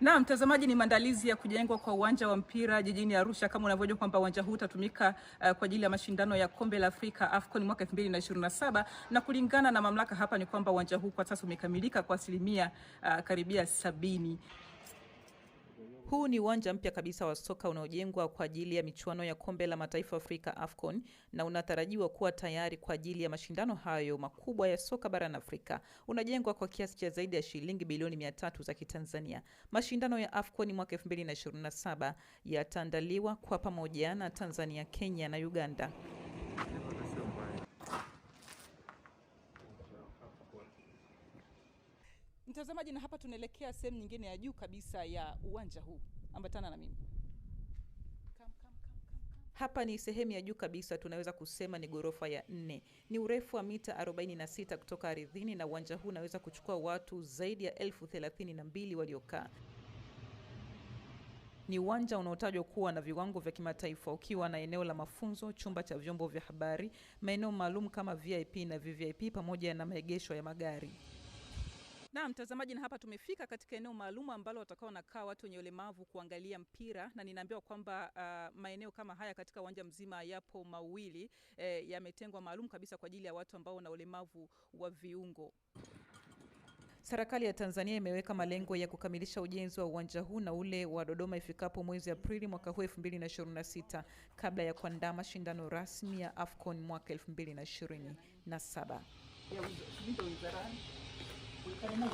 Na mtazamaji, ni maandalizi ya kujengwa kwa uwanja wa mpira jijini Arusha. Kama unavyojua kwamba uwanja huu utatumika uh, kwa ajili ya mashindano ya kombe la Afrika AFCON mwaka 2027 na kulingana na mamlaka hapa ni kwamba uwanja huu kwa sasa umekamilika kwa asilimia uh, karibia sabini. Huu ni uwanja mpya kabisa wa soka unaojengwa kwa ajili ya michuano ya kombe la mataifa Afrika AFCON na unatarajiwa kuwa tayari kwa ajili ya mashindano hayo makubwa ya soka barani Afrika. Unajengwa kwa kiasi cha zaidi ya shilingi bilioni tatu za Kitanzania. Mashindano ya AFCON mwaka saba yataandaliwa kwa pamoja na Tanzania, Kenya na Uganda. mtazamaji, na hapa tunaelekea sehemu nyingine ya juu kabisa ya uwanja huu, ambatana na mimi. Hapa ni sehemu ya juu kabisa, tunaweza kusema ni ghorofa ya nne. Ni urefu wa mita 46 kutoka ardhini, na uwanja huu unaweza kuchukua watu zaidi ya elfu 32 waliokaa ni uwanja unaotajwa kuwa na viwango vya kimataifa ukiwa na eneo la mafunzo, chumba cha vyombo vya habari, maeneo maalum kama VIP na VVIP pamoja na maegesho ya magari. Na mtazamaji, na hapa tumefika katika eneo maalum ambalo watakao nakaa watu wenye ulemavu kuangalia mpira, na ninaambiwa kwamba uh, maeneo kama haya katika uwanja mzima yapo mawili eh, yametengwa maalum kabisa kwa ajili ya watu ambao wana ulemavu wa viungo. Serikali ya Tanzania imeweka malengo ya kukamilisha ujenzi wa uwanja huu na ule wa Dodoma ifikapo mwezi Aprili mwaka huu 2026 kabla ya kuandaa mashindano rasmi ya AFCON mwaka 2027. 你太嫩了。